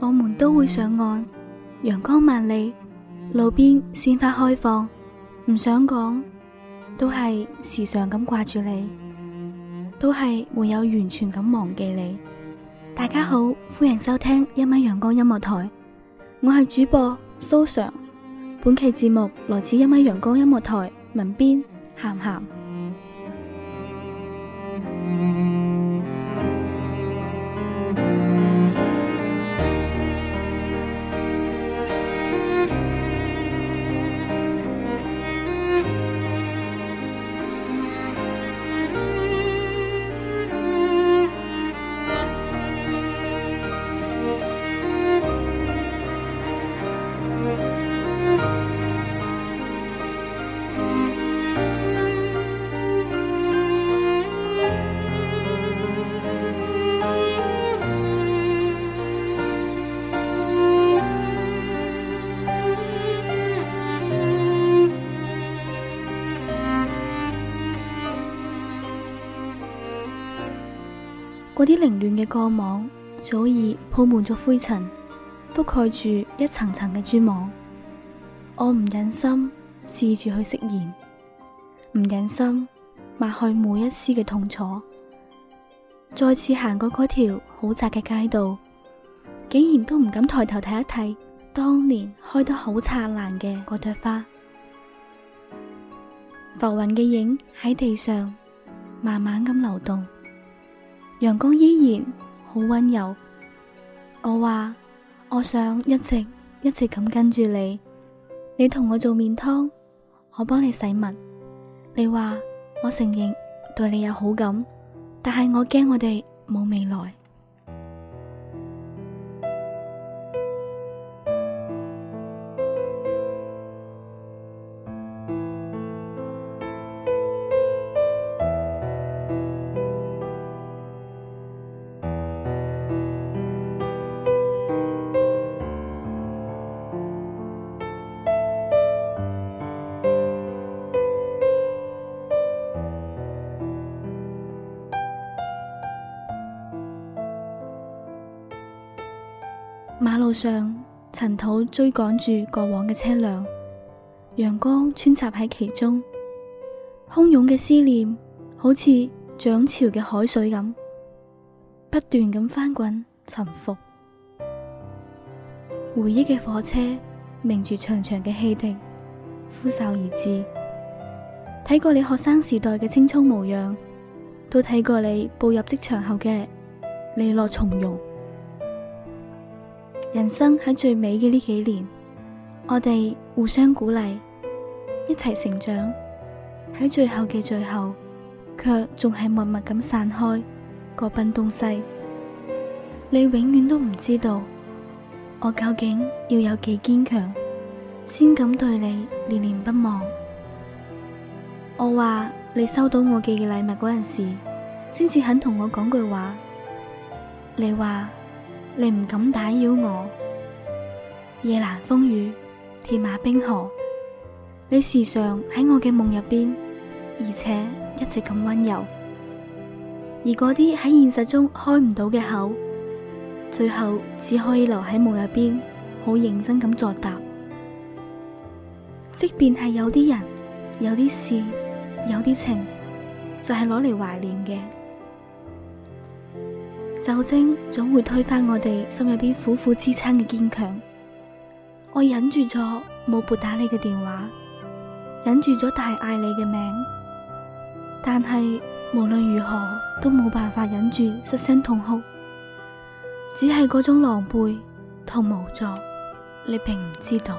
我們都會上岸，陽光萬里，路邊鮮花開放。唔想講，都係時常咁掛住你，都係沒有完全咁忘記你。大家好，歡迎收聽一米陽光音樂台，我係主播蘇常。本期節目來自一米陽光音樂台文編，鹹鹹。嗰啲凌亂嘅過往早已鋪滿咗灰塵，覆蓋住一層層嘅蛛網。我唔忍心試住去釋然，唔忍心抹去每一絲嘅痛楚。再次行過嗰條好窄嘅街道，竟然都唔敢抬頭睇一睇當年開得好燦爛嘅嗰朵花。浮雲嘅影喺地上慢慢咁流動。陽光依然好溫柔，我話我想一直一直咁跟住你，你同我做麵湯，我幫你洗襪，你話我承認對你有好感，但係我驚我哋冇未來。路上塵土追趕住過往嘅車輛，陽光穿插喺其中，洶湧嘅思念好似漲潮嘅海水咁，不斷咁翻滾沉浮。回憶嘅火車鳴住長長嘅汽笛，呼嘯而至。睇過你學生時代嘅青蔥模樣，都睇過你步入職場後嘅利落從容。人生喺最美嘅呢幾年，我哋互相鼓勵，一齊成長。喺最後嘅最後，卻仲係默默咁散開，各奔東西。你永遠都唔知道，我究竟要有幾堅強，先敢對你念念不忘。我話你收到我寄嘅禮物嗰陣時，先至肯同我講句話。你話？你唔敢打擾我，夜闌風雨，鐵馬冰河，你時常喺我嘅夢入邊，而且一直咁溫柔。而嗰啲喺現實中開唔到嘅口，最後只可以留喺夢入邊，好認真咁作答。即便係有啲人，有啲事，有啲情，就係攞嚟懷念嘅。酒精總會推翻我哋心入邊苦苦支撐嘅堅強，我忍住咗冇撥打你嘅電話，忍住咗大嗌你嘅名，但係無論如何都冇辦法忍住失聲痛哭，只係嗰種狼狽同無助，你並唔知道。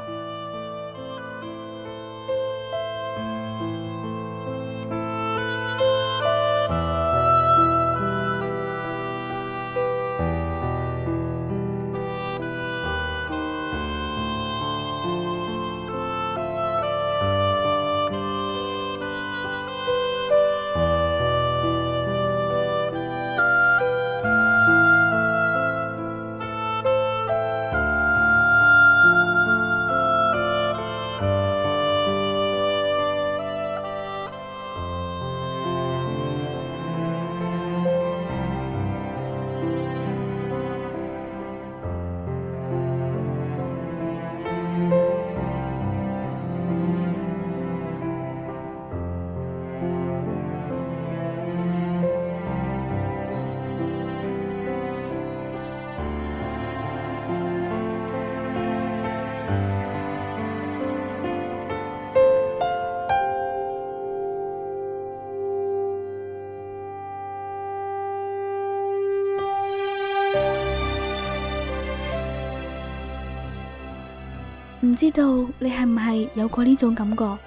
唔知道你係唔係有過呢種感覺？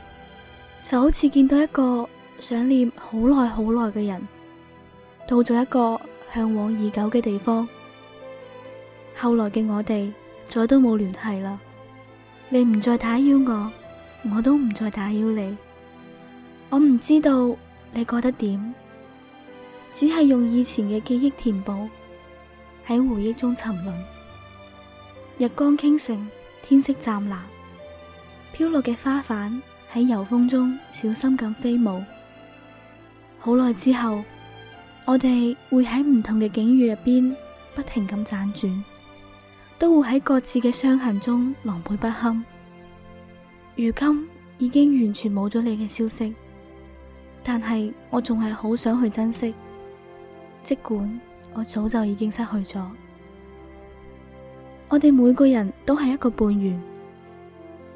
就好似見到一個想念好耐好耐嘅人，到咗一個向往已久嘅地方。後來嘅我哋再都冇聯繫啦，你唔再打擾我，我都唔再打擾你。我唔知道你覺得點，只係用以前嘅記憶填補，喺回憶中沉淪。日光傾城。天色湛藍，飄落嘅花瓣喺柔風中小心咁飛舞。好耐之後，我哋會喺唔同嘅境遇入邊不停咁輾轉，都會喺各自嘅傷痕中狼狽不堪。如今已經完全冇咗你嘅消息，但係我仲係好想去珍惜，即管我早就已經失去咗。我哋每個人都係一個半圓，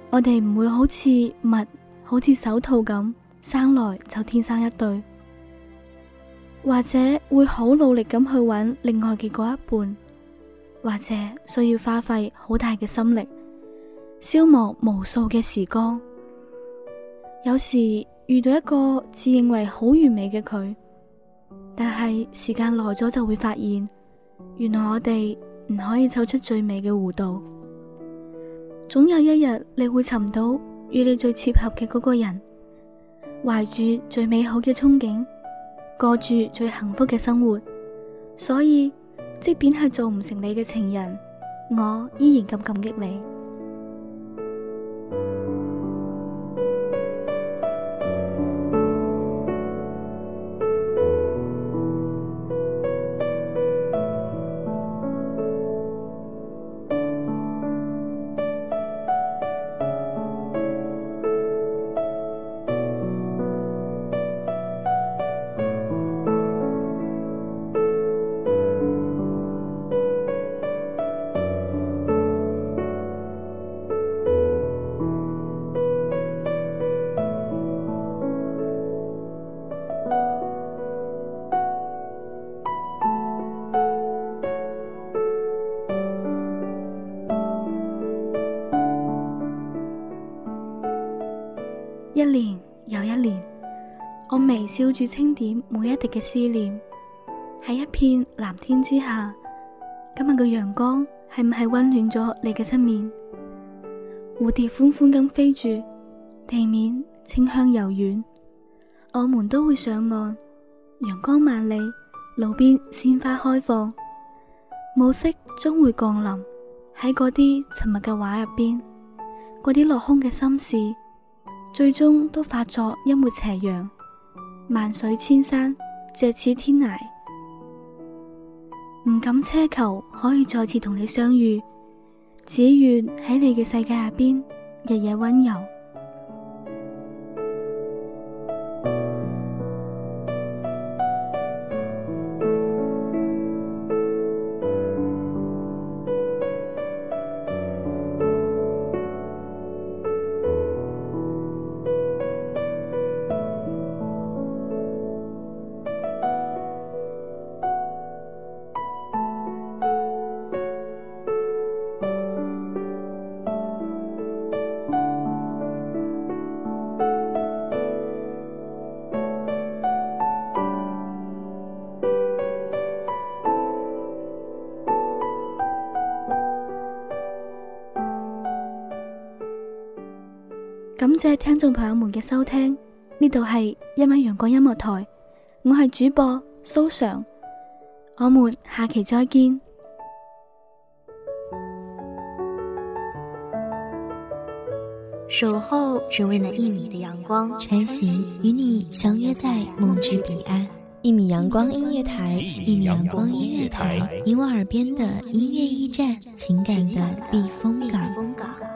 我哋唔會好似物好似手套咁生來就天生一對，或者會好努力咁去揾另外嘅嗰一半，或者需要花費好大嘅心力，消磨無數嘅時光，有時遇到一個自認為好完美嘅佢，但係時間耐咗就會發現，原來我哋。唔可以湊出最美嘅弧度，總有一日你會尋到與你最契合嘅嗰個人，懷住最美好嘅憧憬，過住最幸福嘅生活。所以，即便係做唔成你嘅情人，我依然咁感激你。照住清點每一滴嘅思念，喺一片藍天之下，今日嘅陽光係唔係温暖咗你嘅側面？蝴蝶緩緩咁飛住，地面清香柔軟，我們都會上岸。陽光萬里，路邊鮮花開放，暮色終會降臨喺嗰啲沉默嘅畫入邊，嗰啲落空嘅心事，最終都化作一抹斜陽。萬水千山，只此天涯，唔敢奢求可以再次同你相遇，只願喺你嘅世界入邊，日日溫柔。謝聽眾朋友們嘅收聽，呢度係一米陽光音樂台，我係主播蘇常，我們下期再見。守候只為那一米的陽光，穿行與你相約在夢之彼岸。一米陽光音樂台，一米陽光音樂台，你我耳邊的音樂驛站，情感的避風港。